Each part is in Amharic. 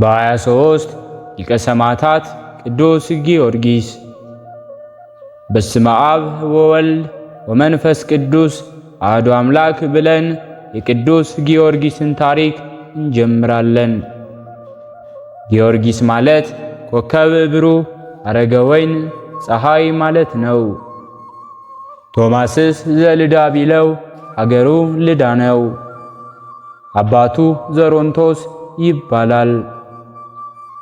በ23 ሊቀ ሰማዕታት ቅዱስ ጊዮርጊስ። በስመ አብ ወወልድ ወመንፈስ ቅዱስ አሐዱ አምላክ ብለን የቅዱስ ጊዮርጊስን ታሪክ እንጀምራለን። ጊዮርጊስ ማለት ኮከብ ብሩህ፣ አረገ ወይን ፀሐይ ማለት ነው። ቶማስስ ዘልዳ ቢለው አገሩ ልዳ ነው። አባቱ ዘሮንቶስ ይባላል።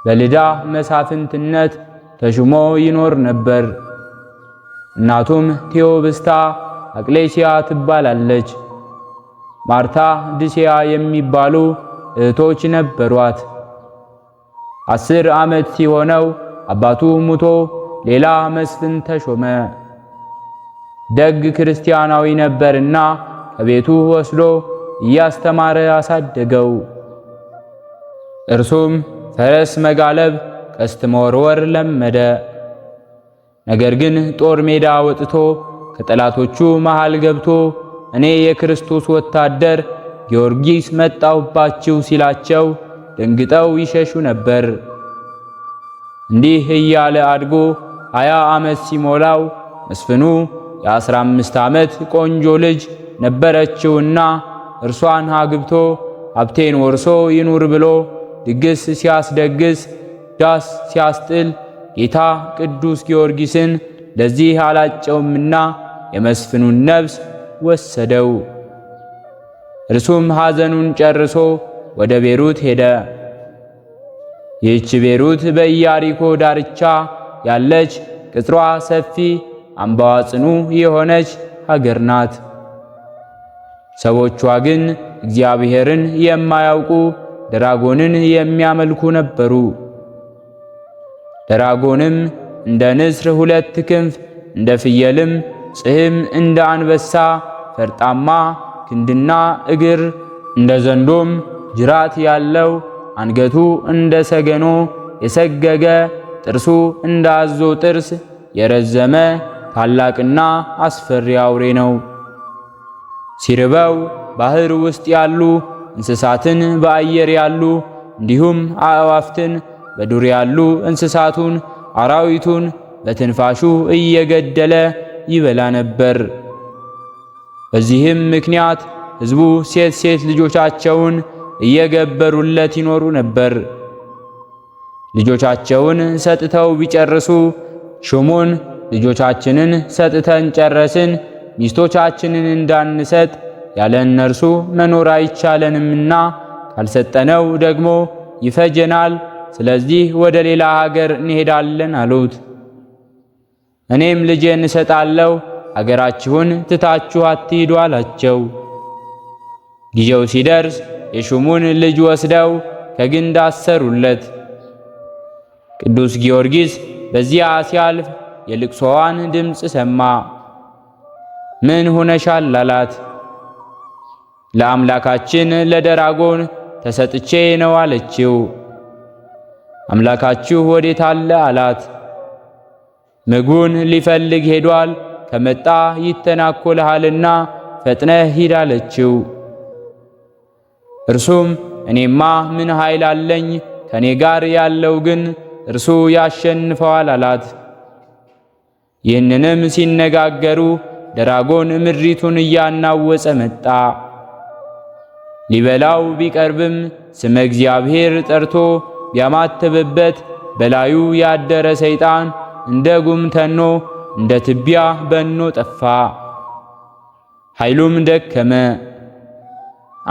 በልዳ መሳፍንትነት ተሹሞ ይኖር ነበር። እናቱም ቴዎብስታ አቅሌሲያ ትባላለች። ማርታ ድሴያ የሚባሉ እህቶች ነበሯት። አስር ዓመት ሲሆነው አባቱ ሙቶ ሌላ መስፍን ተሾመ። ደግ ክርስቲያናዊ ነበርና ከቤቱ ወስዶ እያስተማረ አሳደገው። እርሱም ፈረስ መጋለብ፣ ቀስት መወርወር ለመደ። ነገር ግን ጦር ሜዳ ወጥቶ ከጠላቶቹ መሃል ገብቶ እኔ የክርስቶስ ወታደር ጊዮርጊስ መጣሁባችሁ ሲላቸው ደንግጠው ይሸሹ ነበር። እንዲህ እያለ አድጎ ሀያ ዓመት ሲሞላው መስፍኑ የአስራ አምስት ዓመት ቆንጆ ልጅ ነበረችውና እርሷን አግብቶ ሀብቴን ወርሶ ይኑር ብሎ ድግስ ሲያስደግስ ዳስ ሲያስጥል ጌታ ቅዱስ ጊዮርጊስን ለዚህ አላጨውምና የመስፍኑን ነፍስ ወሰደው። እርሱም ሐዘኑን ጨርሶ ወደ ቤሩት ሄደ። ይህች ቤሩት በኢያሪኮ ዳርቻ ያለች ቅጥሯ ሰፊ አምባዋ ጽኑ የሆነች ሀገር ናት። ሰዎቿ ግን እግዚአብሔርን የማያውቁ ድራጎንን የሚያመልኩ ነበሩ። ድራጎንም እንደ ንስር ሁለት ክንፍ እንደ ፍየልም ጽህም እንደ አንበሳ ፈርጣማ ክንድና እግር እንደ ዘንዶም ጅራት ያለው አንገቱ እንደ ሰገኖ የሰገገ ጥርሱ እንደ አዞ ጥርስ የረዘመ ታላቅና አስፈሪ አውሬ ነው። ሲርበው ባህር ውስጥ ያሉ እንስሳትን በአየር ያሉ እንዲሁም አእዋፍትን በዱር ያሉ እንስሳቱን አራዊቱን በትንፋሹ እየገደለ ይበላ ነበር። በዚህም ምክንያት ሕዝቡ ሴት ሴት ልጆቻቸውን እየገበሩለት ይኖሩ ነበር። ልጆቻቸውን ሰጥተው ቢጨርሱ ሹሙን ልጆቻችንን ሰጥተን ጨረስን፣ ሚስቶቻችንን እንዳንሰጥ ያለ እነርሱ መኖር አይቻለንምና ካልሰጠነው ደግሞ ይፈጀናል። ስለዚህ ወደ ሌላ ሀገር እንሄዳለን አሉት። እኔም ልጄን እሰጣለሁ፣ አገራችሁን ትታችሁ አትሂዱ አላቸው። ጊዜው ሲደርስ የሹሙን ልጅ ወስደው ከግንድ አሰሩለት። ቅዱስ ጊዮርጊስ በዚያ ሲያልፍ የልቅሶዋን ድምፅ ሰማ። ምን ሆነሻል አላት። ለአምላካችን ለደራጎን ተሰጥቼ ነው አለችው። አምላካችሁ ወዴት አለ አላት። ምግቡን ሊፈልግ ሄዷል፣ ከመጣ ይተናኮልሃልና ፈጥነህ ሂድ አለችው። እርሱም እኔማ ምን ኃይል አለኝ? ከእኔ ጋር ያለው ግን እርሱ ያሸንፈዋል አላት። ይህንንም ሲነጋገሩ ደራጎን ምድሪቱን እያናወጸ መጣ። ሊበላው ቢቀርብም ስመ እግዚአብሔር ጠርቶ ቢያማትብበት በላዩ ያደረ ሰይጣን እንደ ጉም ተኖ እንደ ትቢያ በኖ ጠፋ። ኃይሉም ደከመ።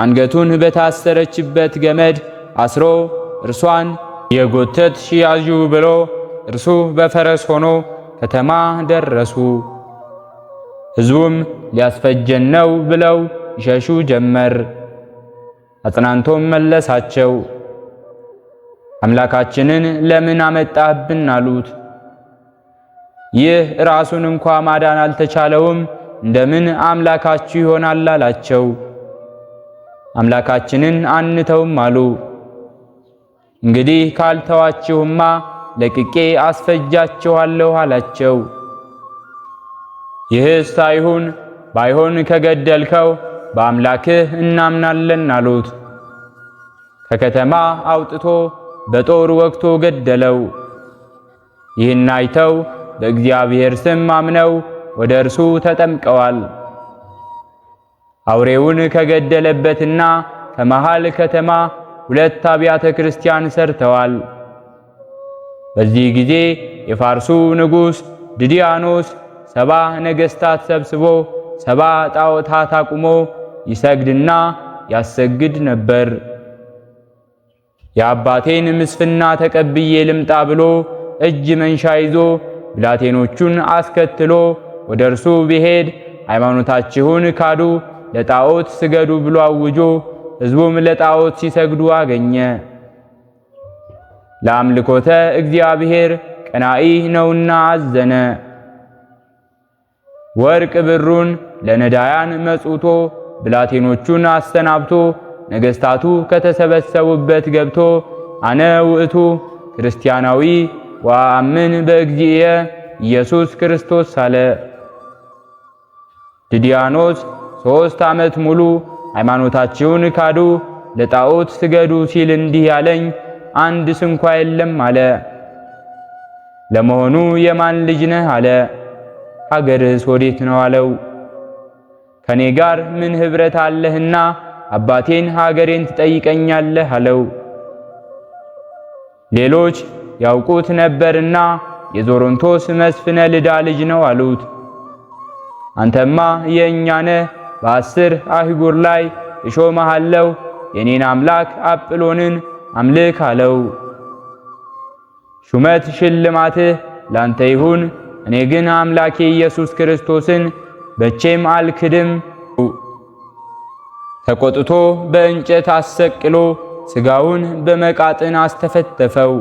አንገቱን በታሰረችበት ገመድ አስሮ እርሷን የጎተት ሽያዡ ብሎ እርሱ በፈረስ ሆኖ ከተማ ደረሱ። ሕዝቡም ሊያስፈጀን ነው ብለው ይሸሹ ጀመር። አጽናንቶም መለሳቸው። አምላካችንን ለምን አመጣህብን አሉት። ይህ ራሱን እንኳ ማዳን አልተቻለውም እንደምን አምላካችሁ ይሆናል አላቸው። አምላካችንን አንተውም አሉ። እንግዲህ ካልተዋችሁማ ለቅቄ አስፈጃችኋለሁ አላቸው። ይህስ ሳይሁን ባይሆን ከገደልከው በአምላክህ እናምናለን አሉት። ከከተማ አውጥቶ በጦር ወግቶ ገደለው። ይህን አይተው በእግዚአብሔር ስም አምነው ወደ እርሱ ተጠምቀዋል። አውሬውን ከገደለበትና ከመሃል ከተማ ሁለት አብያተ ክርስቲያን ሰርተዋል። በዚህ ጊዜ የፋርሱ ንጉሥ ድዲያኖስ ሰባ ነገሥታት ሰብስቦ ሰባ ጣዖታት አቁሞ ይሰግድና ያሰግድ ነበር። የአባቴን ምስፍና ተቀብዬ ልምጣ ብሎ እጅ መንሻ ይዞ ብላቴኖቹን አስከትሎ ወደ እርሱ ቢሄድ ሃይማኖታችሁን ካዱ፣ ለጣዖት ስገዱ ብሎ አውጆ ሕዝቡም ለጣዖት ሲሰግዱ አገኘ። ለአምልኮተ እግዚአብሔር ቀናኢ ነውና አዘነ። ወርቅ ብሩን ለነዳያን መጽውቶ ብላቴኖቹን አሰናብቶ ነገሥታቱ ከተሰበሰቡበት ገብቶ አነ ውእቱ ክርስቲያናዊ ወአምን በእግዚእየ ኢየሱስ ክርስቶስ አለ። ድዲያኖስ ሦስት ዓመት ሙሉ ሃይማኖታችሁን ካዱ፣ ለጣዖት ስገዱ ሲል እንዲህ ያለኝ አንድ ስንኳ የለም አለ። ለመሆኑ የማን ልጅ ነህ አለ። ሀገርስ ወዴት ነው አለው። ከኔ ጋር ምን ኅብረት አለህና አባቴን ሀገሬን ትጠይቀኛለህ አለው። ሌሎች ያውቁት ነበርና የዞሮንቶስ መስፍነ ልዳ ልጅ ነው አሉት። አንተማ የእኛነ በአስር አህጉር ላይ እሾመሃለው የኔን አምላክ አጵሎንን አምልክ አለው። ሹመት ሽልማትህ ላንተ ይሁን፣ እኔ ግን አምላኬ ኢየሱስ ክርስቶስን በቼም አልክድም። ተቆጥቶ በእንጨት አሰቅሎ ስጋውን በመቃጥን አስተፈተፈው።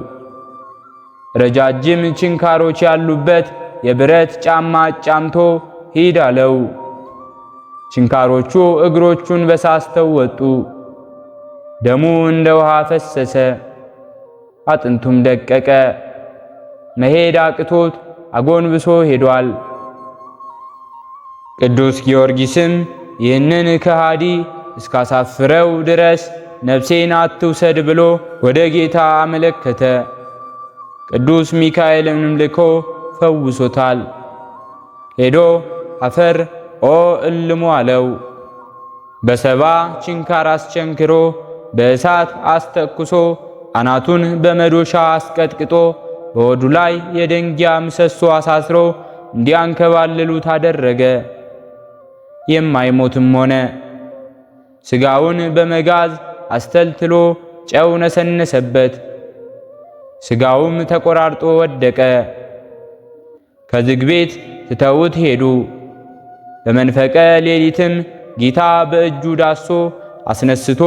ረጃጅም ችንካሮች ያሉበት የብረት ጫማ አጫምቶ ሂድ አለው። ችንካሮቹ እግሮቹን በሳስተው ወጡ። ደሙ እንደ ውሃ ፈሰሰ፣ አጥንቱም ደቀቀ። መሄድ አቅቶት አጎንብሶ ሄዷል። ቅዱስ ጊዮርጊስም ይህንን ከሃዲ እስካሳፍረው ድረስ ነፍሴን አትውሰድ ብሎ ወደ ጌታ አመለከተ። ቅዱስ ሚካኤልንም ልኮ ፈውሶታል። ሄዶ አፈር ኦ እልሙ አለው። በሰባ ችንካር አስቸንክሮ በእሳት አስተኩሶ አናቱን በመዶሻ አስቀጥቅጦ በወዱ ላይ የደንጊያ ምሰሶ አሳስሮ እንዲያንከባልሉት አደረገ። የማይሞትም ሆነ። ስጋውን በመጋዝ አስተልትሎ ጨው ነሰነሰበት፣ ስጋውም ተቆራርጦ ወደቀ። ከዝግ ቤት ትተውት ሄዱ። በመንፈቀ ሌሊትም ጌታ በእጁ ዳሶ አስነስቶ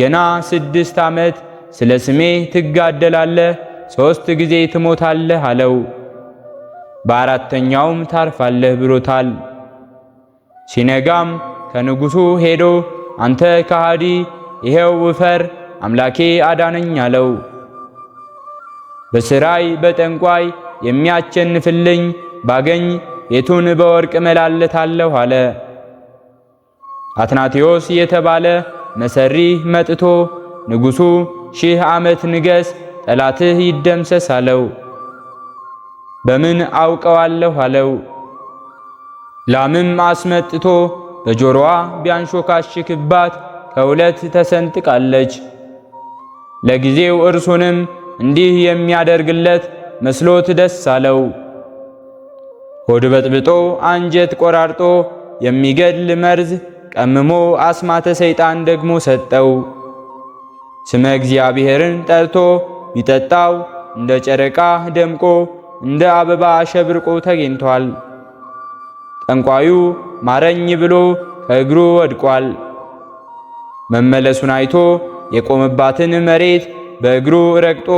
ገና ስድስት ዓመት ስለ ስሜ ትጋደላለህ፣ ሦስት ጊዜ ትሞታለህ አለው። በአራተኛውም ታርፋለህ ብሎታል። ሲነጋም ከንጉሱ ሄዶ አንተ ከሃዲ ይሄው ውፈር አምላኬ አዳነኝ አለው። በስራይ በጠንቋይ የሚያቸንፍልኝ ባገኝ ቤቱን በወርቅ መላለታለሁ አለ። አትናቴዎስ የተባለ መሰሪ መጥቶ ንጉሱ ሺህ ዓመት ንገስ፣ ጠላትህ ይደምሰስ አለው። በምን አውቀዋለሁ አለው። ላምም አስመጥቶ በጆሮዋ ቢያንሾካሽክባት ከሁለት ተሰንጥቃለች። ለጊዜው እርሱንም እንዲህ የሚያደርግለት መስሎት ደስ አለው። ሆድ በጥብጦ አንጀት ቆራርጦ የሚገድል መርዝ ቀምሞ አስማተ ሰይጣን ደግሞ ሰጠው። ስመ እግዚአብሔርን ጠርቶ ቢጠጣው እንደ ጨረቃ ደምቆ እንደ አበባ አሸብርቆ ተገኝቷል። ጠንቋዩ ማረኝ ብሎ ከእግሩ ወድቋል። መመለሱን አይቶ የቆመባትን መሬት በእግሩ ረግጦ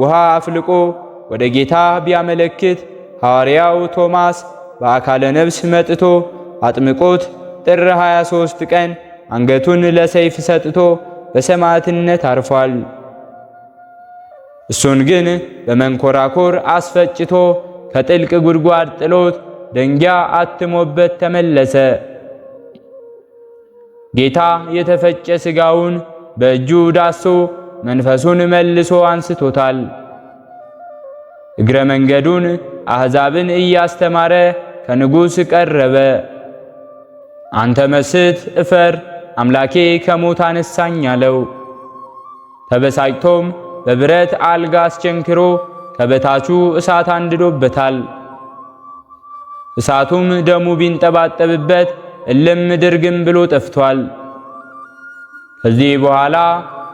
ውሃ አፍልቆ ወደ ጌታ ቢያመለክት ሐዋርያው ቶማስ በአካለ ነብስ መጥቶ አጥምቆት ጥር 23 ቀን አንገቱን ለሰይፍ ሰጥቶ በሰማዕትነት አርፏል። እሱን ግን በመንኮራኮር አስፈጭቶ ከጥልቅ ጉድጓድ ጥሎት ደንጊያ አትሞበት ተመለሰ። ጌታ የተፈጨ ስጋውን በእጁ ዳሶ መንፈሱን መልሶ አንስቶታል። እግረ መንገዱን አሕዛብን እያስተማረ ከንጉሥ ቀረበ። አንተ መስት እፈር አምላኬ ከሞት አነሳኝ አለው። ተበሳጭቶም በብረት አልጋ አስቸንክሮ ከበታቹ እሳት አንድዶበታል። እሳቱም ደሙ ቢንጠባጠብበት እልም ድርግም ብሎ ጠፍቷል። ከዚህ በኋላ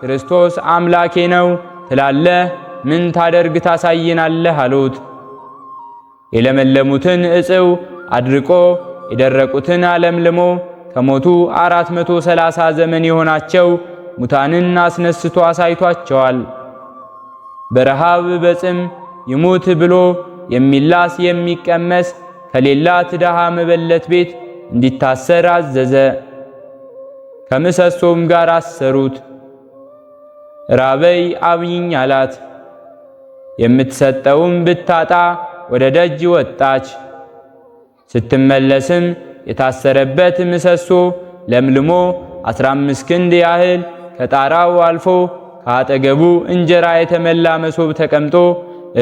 ክርስቶስ አምላኬ ነው ትላለህ፣ ምን ታደርግ ታሳይናለህ? አሉት። የለመለሙትን እጽው አድርቆ የደረቁትን አለምልሞ ከሞቱ 430 ዘመን የሆናቸው ሙታንን አስነስቶ አሳይቷቸዋል። በረሃብ በጽም ይሙት ብሎ የሚላስ የሚቀመስ ከሌላት ድሃ መበለት ቤት እንዲታሰር አዘዘ። ከምሰሶም ጋር አሰሩት። ራበይ አብኝኝ አላት። የምትሰጠውም ብታጣ ወደ ደጅ ወጣች። ስትመለስም የታሰረበት ምሰሶ ለምልሞ 15 ክንድ ያህል ከጣራው አልፎ ከአጠገቡ እንጀራ የተመላ መሶብ ተቀምጦ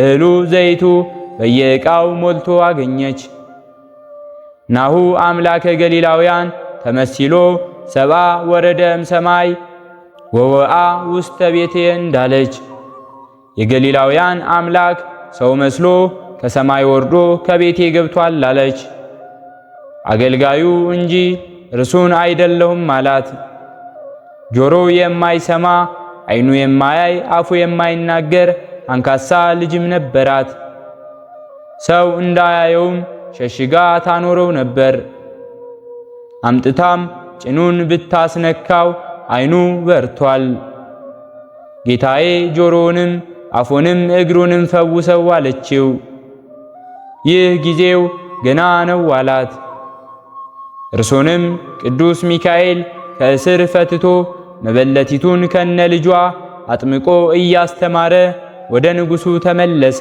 እህሉ ዘይቱ በየዕቃው ሞልቶ አገኘች። ናሁ አምላከ ገሊላውያን ተመሲሎ ሰብአ ወረደም ሰማይ ወወአ ውስተ ቤቴ እንዳለች የገሊላውያን አምላክ ሰው መስሎ ከሰማይ ወርዶ ከቤቴ ገብቷል አለች። አገልጋዩ እንጂ እርሱን አይደለሁም አላት። ጆሮ የማይሰማ አይኑ የማያይ አፉ የማይናገር አንካሳ ልጅም ነበራት። ሰው እንዳያየውም ሸሽጋ ታኖረው ነበር። አምጥታም ጭኑን ብታስነካው አይኑ በርቷል። ጌታዬ ጆሮውንም አፉንም እግሩንም ፈውሰው አለችው። ይህ ጊዜው ገና ነው አላት። እርሱንም ቅዱስ ሚካኤል ከእስር ፈትቶ መበለቲቱን ከነ ልጇ አጥምቆ እያስተማረ ወደ ንጉሡ ተመለሰ።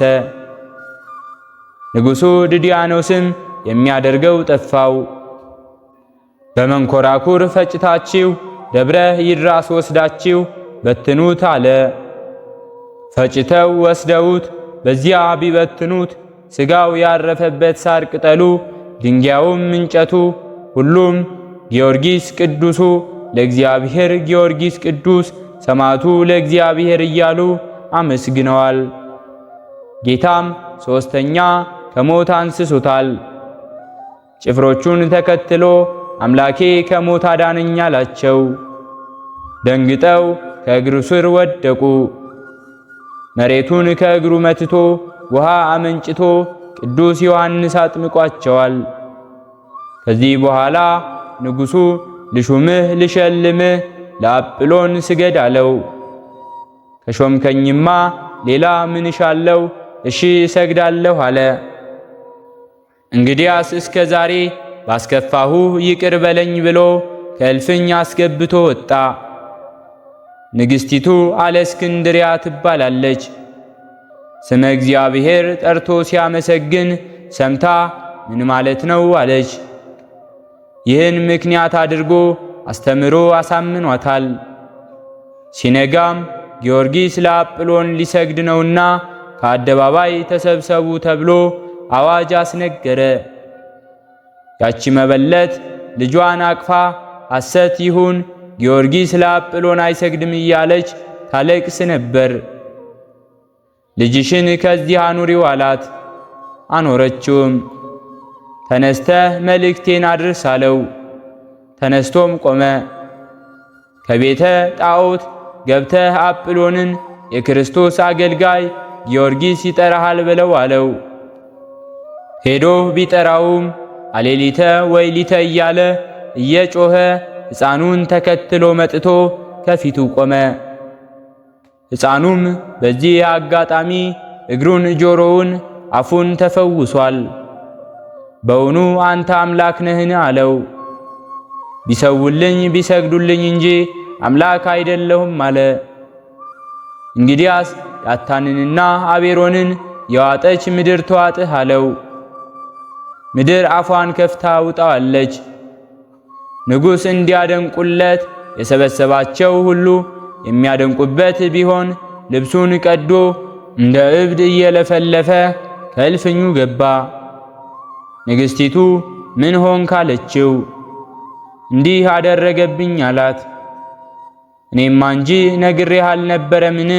ንጉሡ ድዲያኖስም የሚያደርገው ጠፋው። በመንኮራኩር ፈጭታችሁ ደብረ ይድራስ ወስዳችሁ በትኑት አለ። ፈጭተው ወስደውት በዚያ ቢበትኑት ሥጋው ያረፈበት ሳር ቅጠሉ፣ ድንጋዩም፣ እንጨቱ ሁሉም ጊዮርጊስ ቅዱሱ ለእግዚአብሔር ጊዮርጊስ ቅዱስ ሰማዕቱ ለእግዚአብሔር እያሉ አመስግነዋል። ጌታም ሦስተኛ ከሞት አንስሶታል። ጭፍሮቹን ተከትሎ አምላኬ ከሞት አዳነኝ አላቸው። ደንግጠው ከእግሩ ስር ወደቁ። መሬቱን ከእግሩ መትቶ ውሃ አመንጭቶ ቅዱስ ዮሐንስ አጥምቋቸዋል። ከዚህ በኋላ ንጉሡ ልሹምህ ልሸልምህ ለአጵሎን ስገድ አለው። ከሾምከኝማ ሌላ ምን እሻለሁ? እሺ እሰግዳለሁ አለ። እንግዲያስ እስከ ዛሬ ባስከፋሁ ይቅር በለኝ ብሎ ከእልፍኝ አስገብቶ ወጣ። ንግሥቲቱ አለእስክንድሪያ ትባላለች። ስመ እግዚአብሔር ጠርቶ ሲያመሰግን ሰምታ ምን ማለት ነው አለች። ይህን ምክንያት አድርጎ አስተምሮ አሳምኗታል። ሲነጋም ጊዮርጊስ ለአጵሎን ሊሰግድ ነውና ከአደባባይ ተሰብሰቡ ተብሎ አዋጅ አስነገረ። ያቺ መበለት ልጇን አቅፋ አሰት ይሁን ጊዮርጊስ ለአጵሎን አይሰግድም እያለች ታለቅስ ነበር። ልጅሽን ከዚህ አኑሪው አላት። አኖረችውም። ተነስተ መልእክቴን አድርስ አለው። ተነስቶም ቆመ። ከቤተ ጣዖት ገብተህ አጵሎንን የክርስቶስ አገልጋይ ጊዮርጊስ ይጠራሃል ብለው አለው። ሄዶ ቢጠራውም አሌሊተ ወይሊተ እያለ እየጮኸ ሕፃኑን ተከትሎ መጥቶ ከፊቱ ቆመ። ሕፃኑም በዚህ አጋጣሚ እግሩን፣ ጆሮውን፣ አፉን ተፈውሷል። በውኑ አንተ አምላክ ነህን? አለው። ቢሰውልኝ ቢሰግዱልኝ እንጂ አምላክ አይደለሁም አለ። እንግዲያስ ዳታንንና አቤሮንን የዋጠች ምድር ተዋጥህ አለው። ምድር አፏን ከፍታ ውጣዋለች። ንጉሥ እንዲያደንቁለት የሰበሰባቸው ሁሉ የሚያደንቁበት ቢሆን ልብሱን ቀዶ እንደ እብድ እየለፈለፈ ከእልፍኙ ገባ። ንግሥቲቱ ምን ሆንክ አለችው። እንዲህ አደረገብኝ አላት። እኔማ እንጂ ነግሬህ አልነበረምን?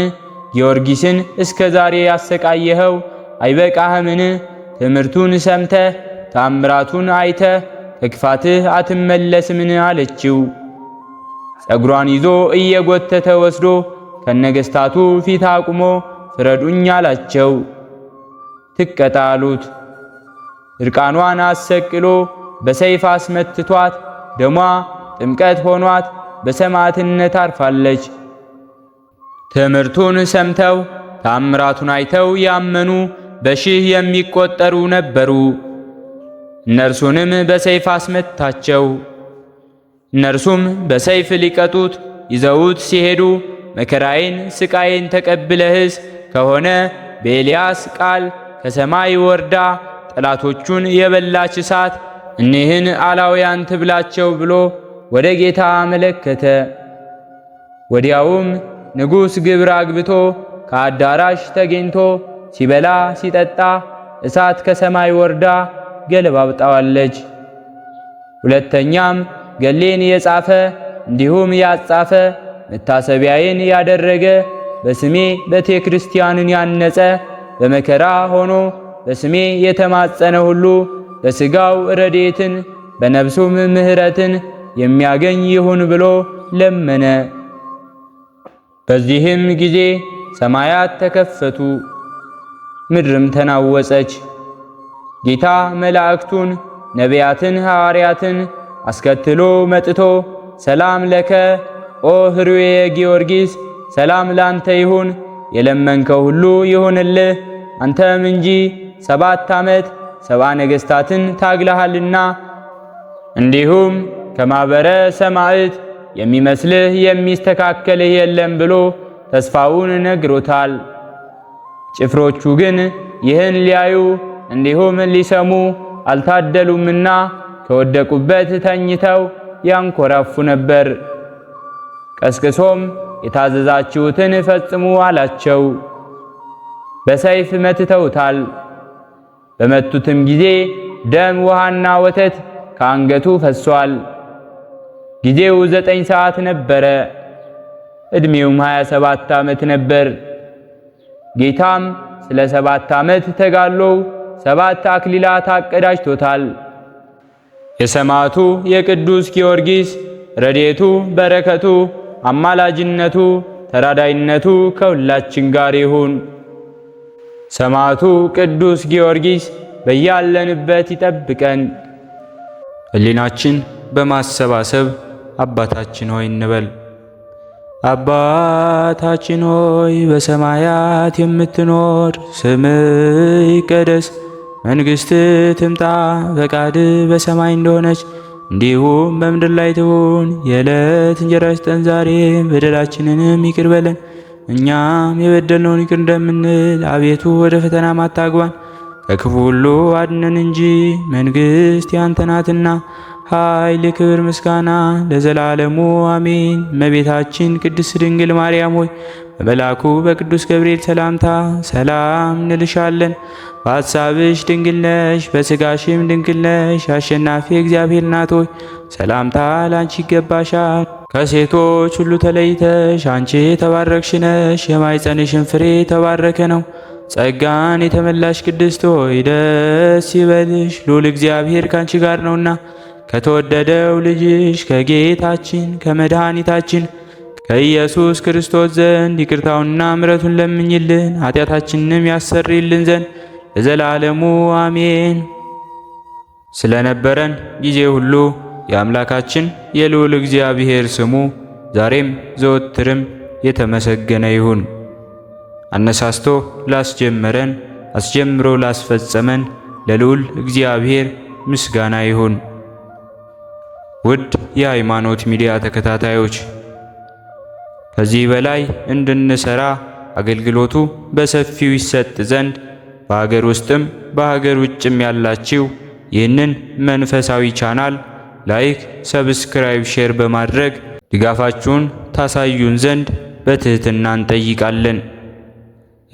ጊዮርጊስን እስከ ዛሬ ያሰቃየኸው አይበቃህምን? ትምህርቱን ሰምተህ ታምራቱን አይተ ከክፋትህ አትመለስምን አለችው። ጸጉሯን ይዞ እየጎተተ ወስዶ ከነገስታቱ ፊት አቁሞ ፍረዱኝ አላቸው። ትቀጣሉት። እርቃኗን አሰቅሎ በሰይፍ አስመትቷት ደሟ ጥምቀት ሆኗት በሰማዕትነት አርፋለች። ትምህርቱን ሰምተው ታምራቱን አይተው ያመኑ በሺህ የሚቆጠሩ ነበሩ። እነርሱንም በሰይፍ አስመታቸው። እነርሱም በሰይፍ ሊቀጡት ይዘውት ሲሄዱ መከራዬን ስቃዬን ተቀብለህስ ከሆነ በኤልያስ ቃል ከሰማይ ወርዳ ጠላቶቹን የበላች እሳት እኒህን አላውያን ትብላቸው ብሎ ወደ ጌታ አመለከተ። ወዲያውም ንጉሥ ግብር አግብቶ ከአዳራሽ ተገኝቶ ሲበላ ሲጠጣ እሳት ከሰማይ ወርዳ ገለባብጣዋለች። ሁለተኛም ገሌን የጻፈ እንዲሁም ያጻፈ መታሰቢያዬን ያደረገ በስሜ ቤተ ክርስቲያንን ያነጸ በመከራ ሆኖ በስሜ የተማጸነ ሁሉ በስጋው ረዴትን በነብሱም ምሕረትን የሚያገኝ ይሁን ብሎ ለመነ። በዚህም ጊዜ ሰማያት ተከፈቱ፣ ምድርም ተናወጸች። ጌታ መላእክቱን ነቢያትን ሐዋርያትን አስከትሎ መጥቶ ሰላም ለከ ኦ ህሩዬ ጊዮርጊስ ሰላም ላንተ ይሁን፣ የለመንከው ሁሉ ይሁንልህ። አንተም እንጂ ሰባት ዓመት ሰባ ነገሥታትን ታግለሃልና እንዲሁም ከማኅበረ ሰማዕት የሚመስልህ የሚስተካከልህ የለም ብሎ ተስፋውን ነግሮታል። ጭፍሮቹ ግን ይህን ሊያዩ እንዲሁም ሊሰሙ አልታደሉምና ከወደቁበት ተኝተው ያንኮራፉ ነበር። ቀስቅሶም የታዘዛችሁትን ፈጽሙ አላቸው። በሰይፍ መትተውታል። በመቱትም ጊዜ ደም ውሃና ወተት ከአንገቱ ፈሷል። ጊዜው ዘጠኝ ሰዓት ነበረ። ዕድሜውም ሃያ ሰባት ዓመት ነበር። ጌታም ስለ ሰባት ዓመት ተጋሎው ሰባት አክሊላት አቀዳጅቶታል። የሰማዕቱ የቅዱስ ጊዮርጊስ ረዴቱ፣ በረከቱ፣ አማላጅነቱ፣ ተራዳይነቱ ከሁላችን ጋር ይሁን። ሰማዕቱ ቅዱስ ጊዮርጊስ በያለንበት ይጠብቀን። ሕሊናችን በማሰባሰብ አባታችን ሆይ እንበል። አባታችን ሆይ በሰማያት የምትኖር ስምህ ይቀደስ መንግሥት ትምጣ፣ ፈቃድ በሰማይ እንደሆነች እንዲሁም በምድር ላይ ትሁን። የዕለት እንጀራችንን ስጠን ዛሬ፣ በደላችንንም ይቅር በለን እኛም የበደልነውን ይቅር እንደምንል። አቤቱ ወደ ፈተና አታግባን፣ ከክፉ ሁሉ አድነን እንጂ መንግሥት ያንተ ናትና ኃይል፣ ክብር፣ ምስጋና ለዘላለሙ አሜን። እመቤታችን ቅድስት ድንግል ማርያም ሆይ በመልአኩ በቅዱስ ገብርኤል ሰላምታ ሰላም እንልሻለን። በሐሳብሽ ድንግል ነሽ፣ በሥጋሽም ድንግል ነሽ። አሸናፊ እግዚአብሔር እናት ሆይ ሰላምታ ላንቺ ይገባሻል። ከሴቶች ሁሉ ተለይተሽ አንቺ የተባረክሽ ነሽ፣ የማይጸንሽን ፍሬ የተባረከ ነው። ጸጋን የተመላሽ ቅድስት ሆይ ደስ ይበልሽ፣ ሉል እግዚአብሔር ካንቺ ጋር ነውና ከተወደደው ልጅሽ ከጌታችን ከመድኃኒታችን ከኢየሱስ ክርስቶስ ዘንድ ይቅርታውና ምረቱን ለምኝልን ኃጢአታችንንም ያሰርይልን ዘንድ ለዘላለሙ አሜን። ስለነበረን ጊዜ ሁሉ የአምላካችን የልዑል እግዚአብሔር ስሙ ዛሬም ዘወትርም የተመሰገነ ይሁን። አነሳስቶ ላስጀመረን አስጀምሮ ላስፈጸመን ለልዑል እግዚአብሔር ምስጋና ይሁን። ውድ የሃይማኖት ሚዲያ ተከታታዮች ከዚህ በላይ እንድንሰራ አገልግሎቱ በሰፊው ይሰጥ ዘንድ በሀገር ውስጥም በሀገር ውጭም ያላችሁ ይህንን መንፈሳዊ ቻናል ላይክ፣ ሰብስክራይብ፣ ሼር በማድረግ ድጋፋችሁን ታሳዩን ዘንድ በትህትና እንጠይቃለን።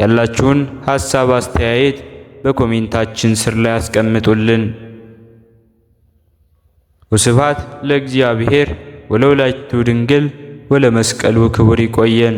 ያላችሁን ሐሳብ፣ አስተያየት በኮሜንታችን ስር ላይ አስቀምጡልን። ወስብሐት ለእግዚአብሔር ወለወላዲቱ ድንግል ወለመስቀሉ ክቡር ይቆየን።